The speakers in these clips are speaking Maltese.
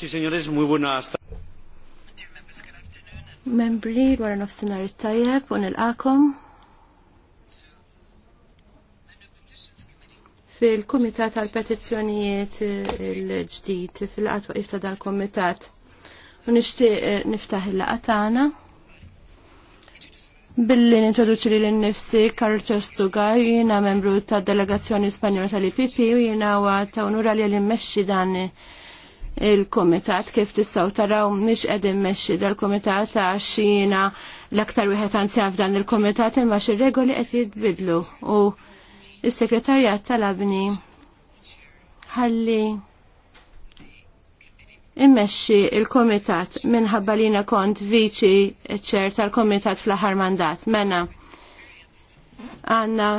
y señores, muy buenas Membri, wara nofsinhar it-tajjeb u nilqakom. Fil-Kumitat tal-Petizzjonijiet il-ġdid fil-qatwa ifta dal-Kumitat. U nixtieq eh, niftaħ il-laqgħa tagħna. Billi nintroduċi li l-nifsi Karl Testuga, jina membru ta' delegazzjoni spanjola tal-IPP u jina għata unura li l-immexxi dan il-komitat kif tistaw taraw mhix qegħdin mexxi dal-komitat għax xina l-aktar wieħed anzjan f'dan il-komitat imma xi regoli qed jitbidlu u is-sekretarjat talabni ħalli immexxi il-komitat minħabba li kont viċi ċer tal-komitat fl-aħħar mandat mena għandna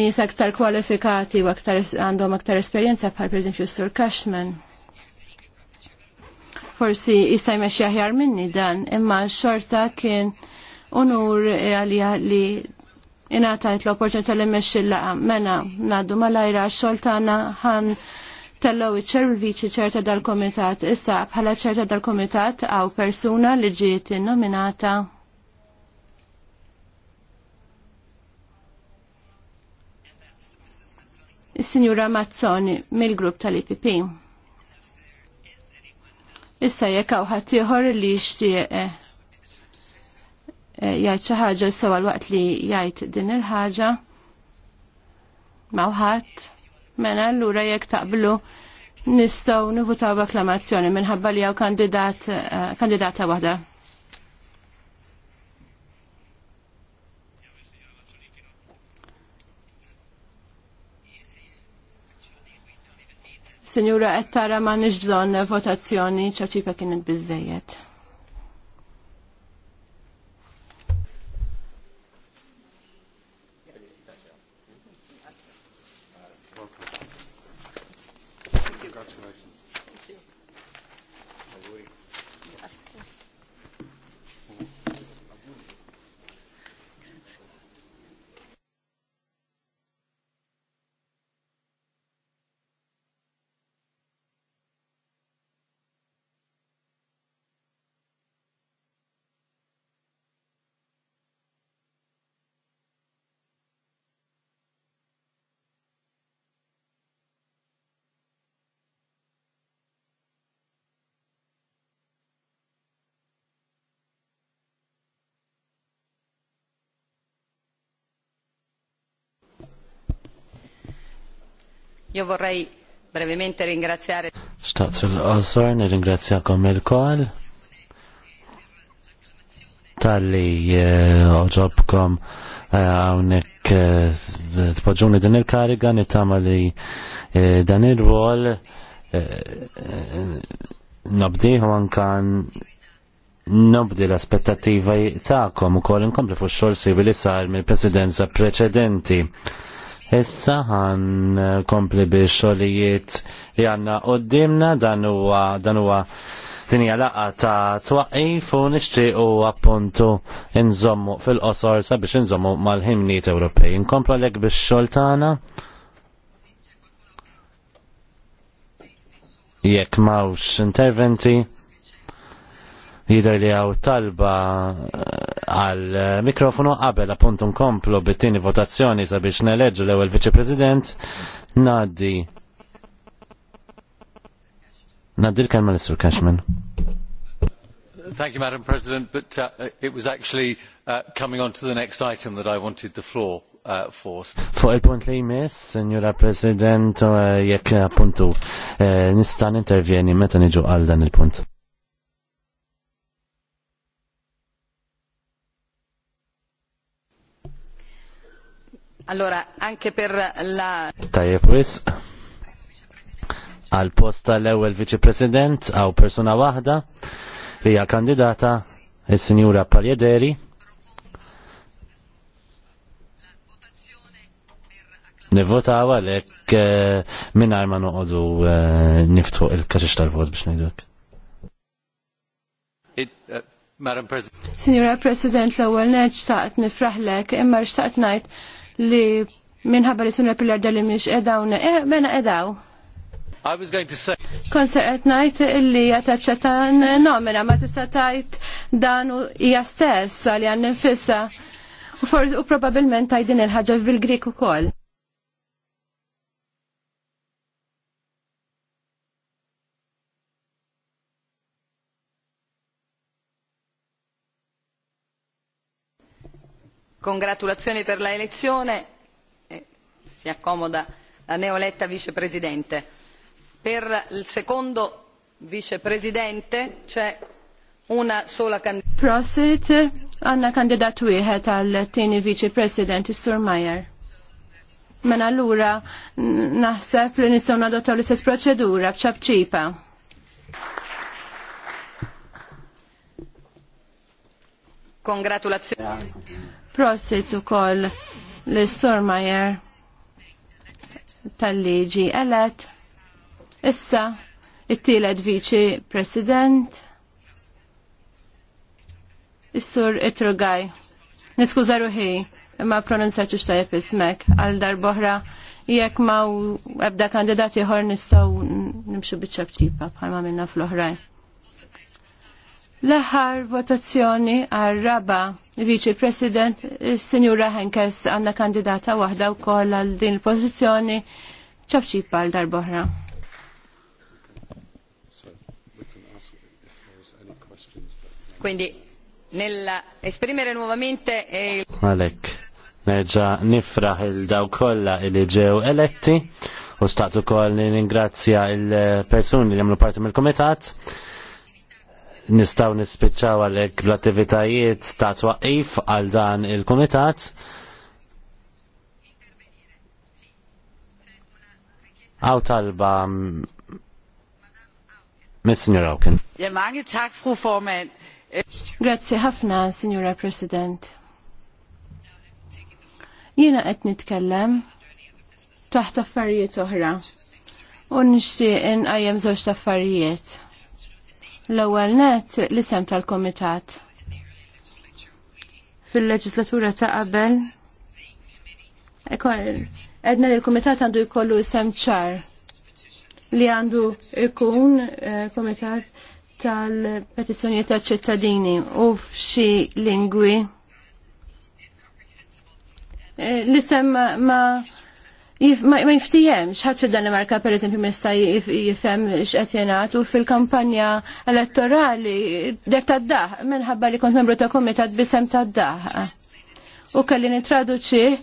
nies aktar kwalifikati u aktar għandhom aktar esperjenza bħal pereżempju s-Sur Cashman forsi jista' jmexxi aħjar minni dan, imma xorta kien unur għalija li ingħatajt l-opportunità li mexxi laqa mena naddu malajra xoltana ħan tellow iċ-ċer u l-viċi ċerta dal-komitat. Issa bħala ċerta dal-komitat għaw persuna li ġiet nominata Is-Sinjura Mazzoni mill-grupp tal-IPP. Issa jekk hawn ħadd ieħor li jixtieq eh, eh, jgħid xi ħaġa sewa l-waqt li jgħid din il-ħaġa mawħat mena allura jekk taqblu nistgħu nivutaw b'akklamazzjoni minħabba li hawn eh, kandidata waħda. Senjura, qed tara nix bżonn votazzjoni ċaċipa kienet biżejjed. Io vorrei brevemente ringraziare. Staqt fil-qosor, nirringrazzjakom il-kol tal-li eh, oġobkom eh, għawnek eh, tpoġuni din il-kariga nittama li dan il-wol nobdiħu għankan nobdi l-aspettativa ta'kom u kol inkompli fuq xorsi li sar mill-presidenza preċedenti. Issa ħan eh, kompli bi xolijiet li għanna qoddimna dan huwa dan huwa dinja laqa ta' twaqif u nixtiequ appuntu nżommu fil-qosor sabiex nżommu mal-ħimniet Ewropej. Nkomplu lek biex xoltana jekk mawx interventi jidher li għaw talba eh, għal eh, mikrofonu qabel appunt nkomplu bit-tieni votazzjoni sabiex neleġġu l-ewwel viċi-president ngħaddi ngħaddi l-kelma l-Sur Cashman. Thank you, Madam President, but uh, it was actually uh, coming on to the next item that I wanted the floor uh, force. Fuq il-punt li jmiss, Signora President, uh, jek appuntu, eh, nistan intervjeni metan iġu għal dan il-punt. Allora, anche per la... Tajjeb wis. Għal post tal-ewwel viċi-president għaw persuna waħda li hija kandidata is-Sinjura Paljederi. Nivvotaw għalhekk eh, mingħajr ma noqogħdu eh, niftu il-kaxix tal-vot biex ngħidlek. Uh, Madam President. Sinjura President, l-ewwel neġ taqt nifraħlek imma xtaqt najt li minħabba li sunna pillar dalli miex edawna, eh, mena edaw. I was going to say. Konsert najt illi jataċċetan nomina ma tista tajt dan u hija stess għal jan nfissa U, u probabilment tajdin il ħaġa bil-Grik ukoll. Congratulazioni per la elezione. Eh, si accomoda la neoletta vicepresidente. Per il secondo vicepresidente c'è una sola candidatura. Prosit, għanna kandidat wieħed għal tieni viċi sur Majer. Mena allura naħseb li nistgħu nadottaw l-istess proċedura b'ċabċipa. Congratulazzjoni. Prosit ukoll l sormajer tal-liġi elet. Issa, it-tielet viċi president. Is-sur it-rugaj. Niskuża ruħi, imma pronunzaċ xtajep ismek għal darboħra jekk ma ebda kandidati ieħor nistgħu nimxu biċċabċipa bħalma minna fl-oħrajn. L-aħħar votazzjoni għal raba Vice President, Sinjura Henkes għanna kandidata wahda u koll għal din l pozizjoni ċabċipa għal darboħra. Quindi, nell'esprimere nuovamente eh, il... Malek, neġa nifraħ il-daw kolla il ġew eletti u statu koll ningrazzja il-personi li għamlu parti mill-komitat nistaw nispiċċaw għalek l-attivitajiet ta' twaqif għal dan il-komitat. Għaw talba mm, Miss-Signor Hawken. tak, fru Forman. Grazie ħafna, Signora President. Jiena qed nitkellem taħt affarijiet oħra u nixtieq inqajjem żewġ affarijiet. L-ewwel net l-isem tal-Komitat. Fil-leġislatura ta' qabel edna li l-Komitat għandu jkollu isem ċar li għandu ikun eh, Komitat tal-petizzjonijiet ta' ċittadini u f'xi lingwi. Eh, l-isem ma' ma jiftijem, xħat fil-Danimarka per eżempju mista jifem xqetjenat u fil-kampanja elettorali der tad-daħ, minħabba li kont membru ta' komitat bisem tad-daħ. U kalli nitraduċi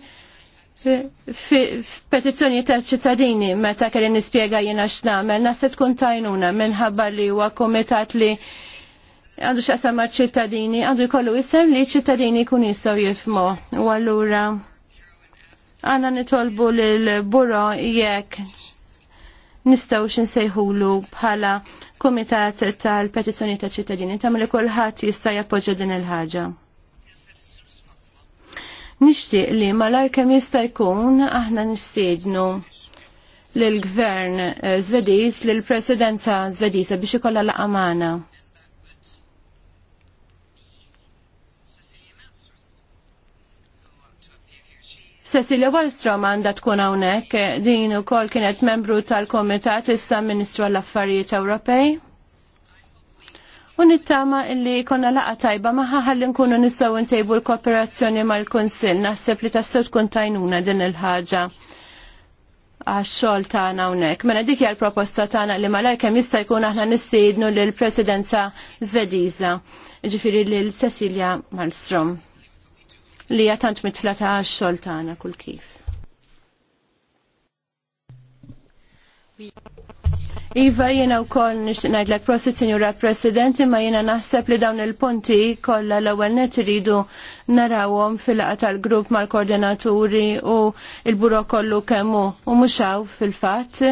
f-petizjoni ta' ċittadini meta kelli nispjega jiena x'namel, naset tkun tajnuna minħabba li huwa komitat li għandu x'qasam ma' ċittadini, għandu jkollu isem li ċittadini jkun jistgħu jifmo. U allura Għanna nitolbu l-buro jekk nistaw nsejħulu bħala komitat tal-petizjoni ta' ċittadini tam li kolħat jista' jappoġġa din il-ħaġa. Nixtieq li malar kemm jista' jkun aħna nistiednu lill gvern eh, Zvediż lill presidenza Zvediża biex ikollha laqamana. Cecilia Wallstrom għandha tkun hawnhekk din ukoll kienet membru tal-Komitat issa Ministru għall-Affarijiet Ewropej. U nittama illi konna laqa tajba maħħa ħalli nkunu nistaw ntejbu l-kooperazzjoni mal-Konsil. Naħseb li tassew tkun tajnuna din il-ħaġa għax-xogħol tagħna hawnhekk. Mela dik hija l-proposta tagħna li malajr kemm jista' jkun aħna nistiednu lill-Presidenza Zvediza, ġifiri l Cecilia Malmstrom li jatant mit-tlata għax xoltana kull kif. Iva, jena u koll nishtinajt l prosit, Signora Presidenti, ma jena naħseb li dawn il-punti kolla l ewwel net rridu narawom fil-laqa tal-grupp mal-koordinaturi u il-buro kollu kemmu u muxaw fil-fat.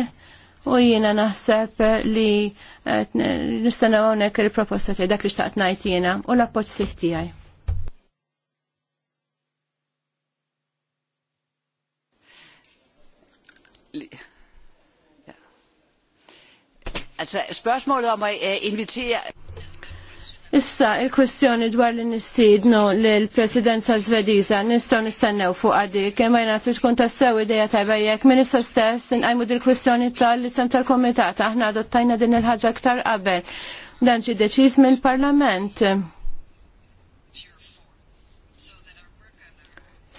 U jena naħseb li eh, nistanawonek il-proposta dak li xtaqt najt jena u l-appoċ siħtijaj. spørgsmålet om at øh, invitere Issa, il-kwestjoni dwar li nistidnu l-presidenza svediza nistaw nistennew fuq għadik, imma jena s tkun tassew ideja tajba jek minissa stess nqajmu dil-kwestjoni tal-lisem tal-komitata, aħna adottajna din il-ħagġa ktar qabel, dan ġi deċiż mill-parlament.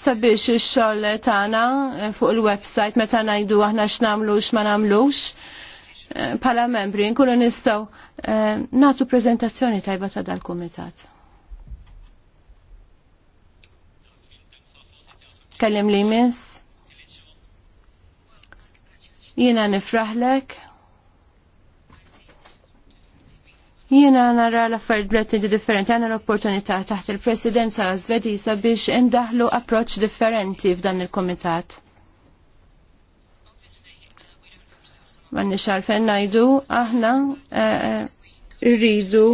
sabiex ix-xogħol tagħna eh, fuq il-website meta ngħidu aħna x'namlu ma nagħmlux eh, bħala membri nkunu nistgħu eh, nagħtu preżentazzjoni tajba ta' dal-kumitat. Kellim li miss. Jiena nifraħlek. Jiena nara l-affarijiet bletni differenti għandna l-opportunità taħt il-Presidenza zvedisa biex indaħlu approċċ differenti f'dan il-Komitat. Ma nix fejn najdu, aħna eh, eh, rridu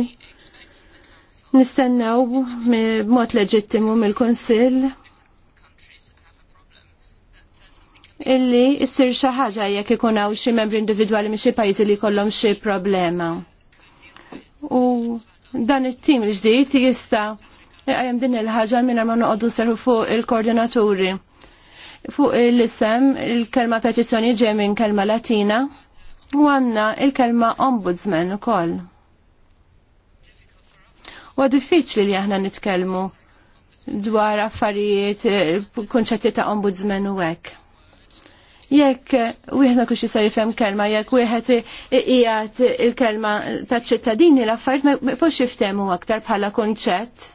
nistennew b'mod leġittimu mill-Konsill illi issir xi ħaġa jekk ikun hawn xi membri individwali minn xi pajjiżi li jkollhom xi problema u dan it-tim li ġdijt jista għajem din il-ħagġa minna ma noqoddu serħu fuq il-koordinaturi. Fuq l-isem il-kelma petizjoni ġej minn kelma latina u għanna il-kelma ombudsman u koll. U diffiċli li aħna nitkelmu dwar affarijiet, eh, kunċetti ta' ombudsman u għek jekk wieħed kux jisar jifem kelma, jekk wieħed iqiegħed il-kelma taċ-ċittadini l-affarijiet ma jpux jiftemu aktar bħala kunċett.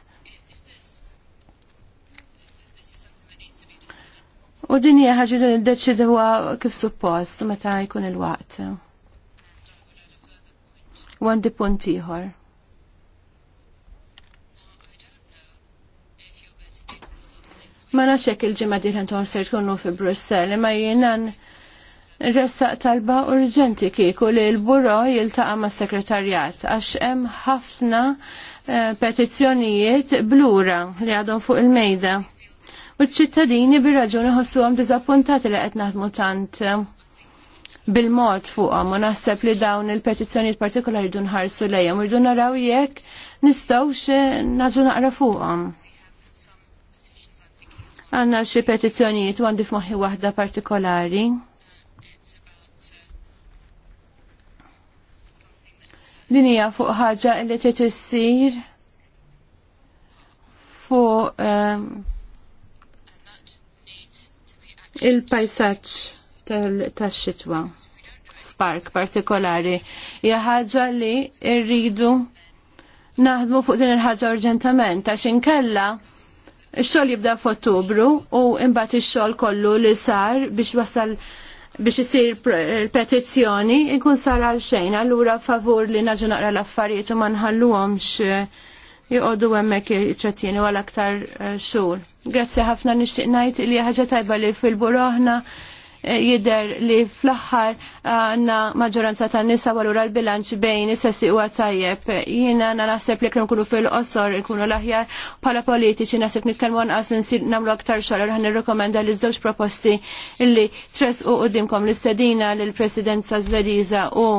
U din hija ħaġa li kif suppost meta jkun il-waqt. U għandi punt ieħor. Ma nafx jekk il-ġimgħa diħen tom ser tkunu fi Brussell, ma jiena Ressaq talba urġenti kieku li l-buro jiltaqa ma' sekretarjat għax hemm ħafna eh, petizzjonijiet blura li għadhom fuq il-mejda. U ċ-ċittadini bir-raġuni ħossuhom diżappuntati li qed naħdmu tant eh, bil-mod fuqhom u naħseb li dawn il-petizzjonijiet partikolari dun ħarsu lejhom irdu naraw jekk nistgħux eh, naġu naqra fuqhom. Għanna xi petizzjonijiet u għandi f'moħħi waħda partikolari. Din hija fuq ħaġa li trid issir fuq ehm, il-pajsaġġ tax-xitwa f'park partikolari. Hija ħaġa li rridu naħdmu fuq din il-ħaġa urġentament għax inkella Ix-xogħol jibda f'Ottubru u imbagħad ix-xogħol kollu li sar biex wasal biex isir eh, petizzjoni ikun sar għal xejn, allura favur li naġu naqra l-affarijiet u ma nħalluhomx eh, joqogħdu hemmhekk jitrattini għal aktar eh, xhur. Grazzi ħafna nixtieq ngħid li ħaġa tajba li fil-buroħna Eh, jider li fl-aħħar eh, għandna maġġoranza ta' nisa walura l-bilanċ bejn is-sessi huwa tajjeb. Jiena naħseb li kien nkunu fil-qosor nkunu l-aħjar bħala politiċi naħseb għan għas nsir nagħmlu aktar xogħol għan nirrekomenda li zdoċ proposti illi u għoddimkom l-istedina lill-Presidenza zvediza u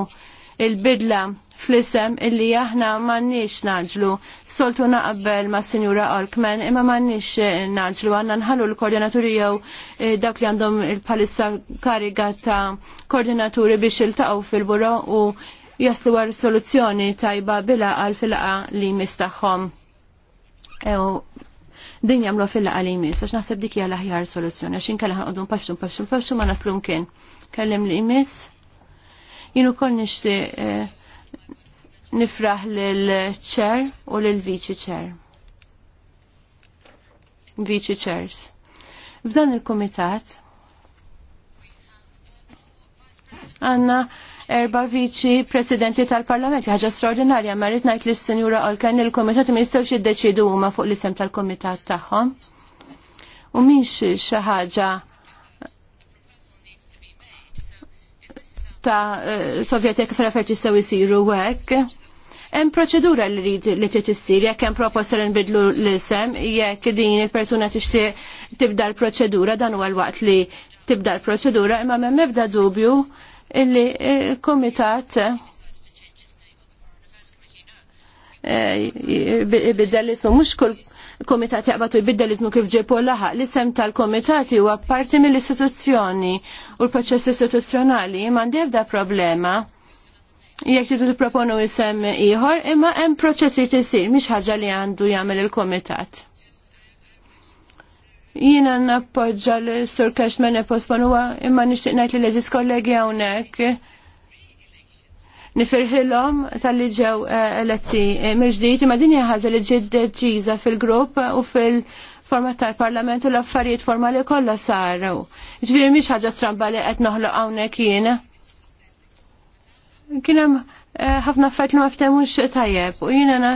il-bidla fl-isem illi aħna mannix naġlu. Soltu naqbel ma' Sinjura Alkman imma mannix eh, naġlu għanna nħallu l-koordinaturi jew eh, dak li għandhom il-palissa kariga ta' koordinaturi biex il-taqaw fil-buro u jaslu għar soluzzjoni tajba bila għal fil-laqa li mistaħħom. Din jamlu fil-laqa li mis, għax naħseb dikja jgħal aħjar soluzzjoni, għax ħan għodun paċtum paċtum paċtum ma naslu mkien. Kellim li mis. Jien ukoll nixtieq eh, nifraħ lill-ċer u lill-viċi ċer. Viċi ċers. F'dan il-kumitat għandna erba viċi presidenti tal-parlament, ħaġa straordinarja, marrit najt l-senjura Olkan il-komitat ma jistawx jiddeċidu huma fuq l-isem tal-komitat tagħhom. U minx xi ħaġa ta' eh, Sovjetek fil-affarijiet jistgħu jsiru hekk. Hemm proċedura li rrid li trid issir jekk hemm proposta li nbidlu l-isem jekk din il-persuna tixtieq tibda l-proċedura dan huwa l-waqt li tibda l-proċedura imma m'hemm ebda dubju li eh, l kumitat jibidel eh, ismu, mux kull komitat jaqbatu jibidel ismu kif ġepu laħa. L-isem tal-komitati huwa parti mill-istituzzjoni u l-proċess istituzzjonali mandi ebda problema. Jek tidu t-proponu isem iħor, imma hemm proċess jtisir, miex ħaġa li għandu jagħmel il-komitat. Jina nappoġġa l-Sur Cashman e posponu imma nixtieq ngħid li l-eżis kollegi hawnhekk nifirħilhom tal-li ġew eh, eletti eh, mirġdijt imma din hija li ġiet deċiża fil-grupp eh, u fil- format tal-parlament u l-affarijiet formali kollha saru. Ġviri miex ħaġa stramba li qed noħloq hawnhekk jien. Kien hemm ħafna affarijiet li ma ftemux tajjeb u jiena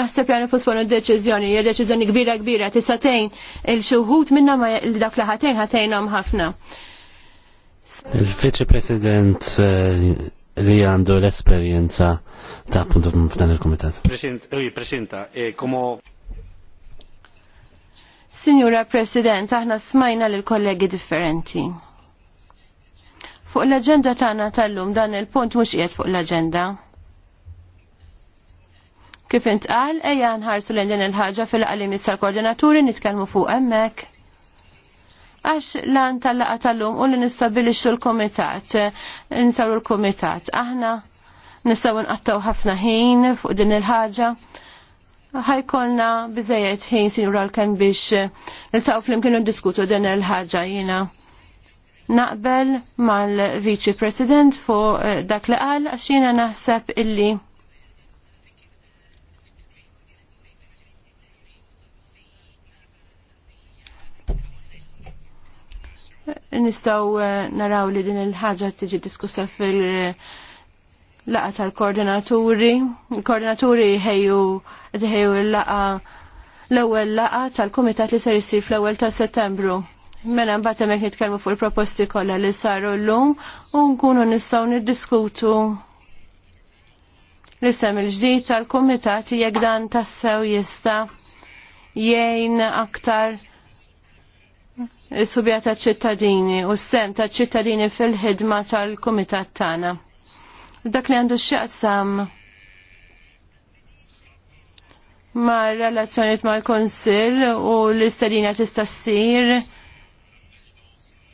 naħseb jani posponu deċiżjoni, hija deċiżjoni kbira kbira tista' il-xi wħud ma l dak li ħatejn ħatejnhom ħafna il vice President eh, li għandu l-esperienza ta' appunto f'dan il-Komitat. Eh, Presidenta, komo. Eh, Signora President, aħna smajna l-kollegi differenti. Fuq l-agenda tagħna tal-lum dan il-punt mhux qiegħed fuq l-agenda. Kif intqal, ejja nħarsu l din il-ħaġa fil mis tal-koordinaturi nitkellmu fuq hemmhekk għax lan tal-laqa tal-lum u li nistabilixxu l-komitat, nsawru l-komitat. Aħna nistaw nqattaw ħafna ħin fuq din il-ħaġa. Ħajkolna biżejjed ħin sinjura l-kem biex niltaw flim kienu diskutu din il-ħaġa jina. Naqbel mal-Viċi President fuq dak li qal għax jina naħseb illi nistaw eh, naraw li din il-ħagġa tiġi diskussa fil- eh, laqa tal-koordinaturi. Il-koordinaturi ħeju ħeju il-laqa l-ewwel laqa tal-kumitat li ser isir fl-ewwel ta' Settembru. Mela mbagħad hemmhekk nitkellmu fuq il-proposti kollha li saru llum u nkunu nistgħu niddiskutu l-isem il-ġdid tal-kumitat jekk dan tassew jista' jgħin aktar is-subja ta' ċittadini u s-sem ta' ċittadini fil-ħidma tal-kumitat tagħna. Dak li għandu x'jaqsam ma' relazzjoniet mal-Konsil u l-istadina tista' ssir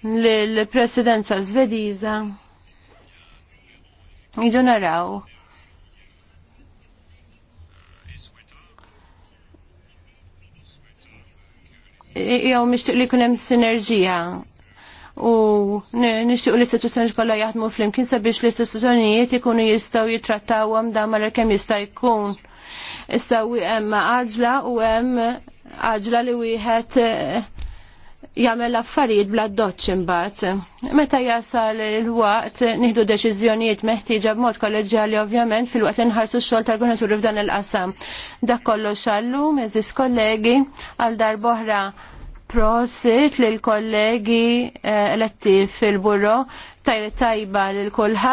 lill-Presidenza Svediża. Jiġu naraw jew mixtieq li jkun hemm sinerġija u nixtiequ li l-istituzzjoni kollha jaħdmu flimkien sabiex li l-istituzzjonijiet ikunu jistgħu jittrattawhom da mara kemm jista' jkun. Issa hemm għaġla u hemm għaġla li wieħed eh, jagħmel affarijiet bla doċċ imbagħad. Meta jasal il-waqt nieħdu deċiżjonijiet meħtieġa b'mod kolleġjali ovvjament fil-waqt li nħarsu x-xogħol tal-Gvernaturi f'dan il-qasam. Dak kollox għallum, eżis kollegi, għal darboħra prosit lil kollegi eh, eletti fil-burro tajba lil kulħadd.